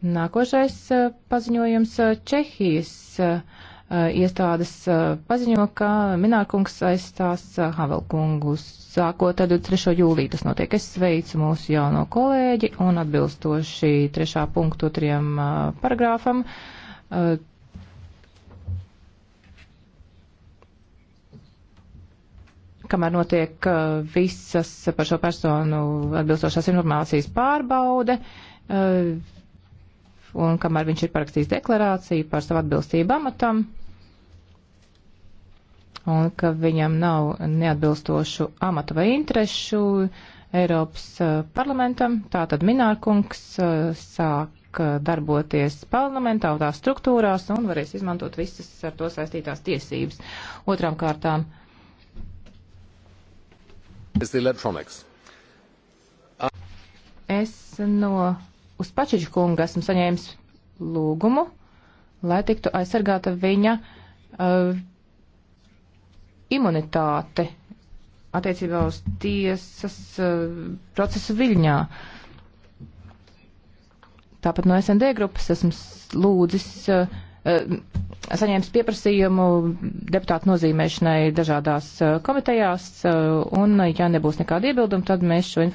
Nākošais eh, paziņojums eh, Čehijas eh, iestādes paziņo, ka Minārkungs aizstās Havelkungu sākot 3. jūlī. Tas notiek. Es sveicu mūsu jauno kolēģi un atbilstoši 3. punktu 2. paragrāfam. kamēr notiek visas par šo personu atbilstošās informācijas pārbaude, un kamēr viņš ir parakstījis deklarāciju par savu atbilstību amatam, un ka viņam nav neatbilstošu amatu vai interešu Eiropas parlamentam, tātad Minārkungs sāk darboties parlamentā, tās struktūrās un varēs izmantot visas ar to saistītās tiesības. Otrām kārtām. Es no uz Pačiģu kunga esmu saņēmis lūgumu, lai tiktu aizsargāta viņa uh, imunitāte attiecībā uz tiesas uh, procesu Viļņā. Tāpat no SND grupas esmu lūdzis, uh, uh, saņēmis pieprasījumu deputātu nozīmēšanai dažādās uh, komitejās, uh, un ja nebūs nekāda iebilduma, tad mēs šo informāciju.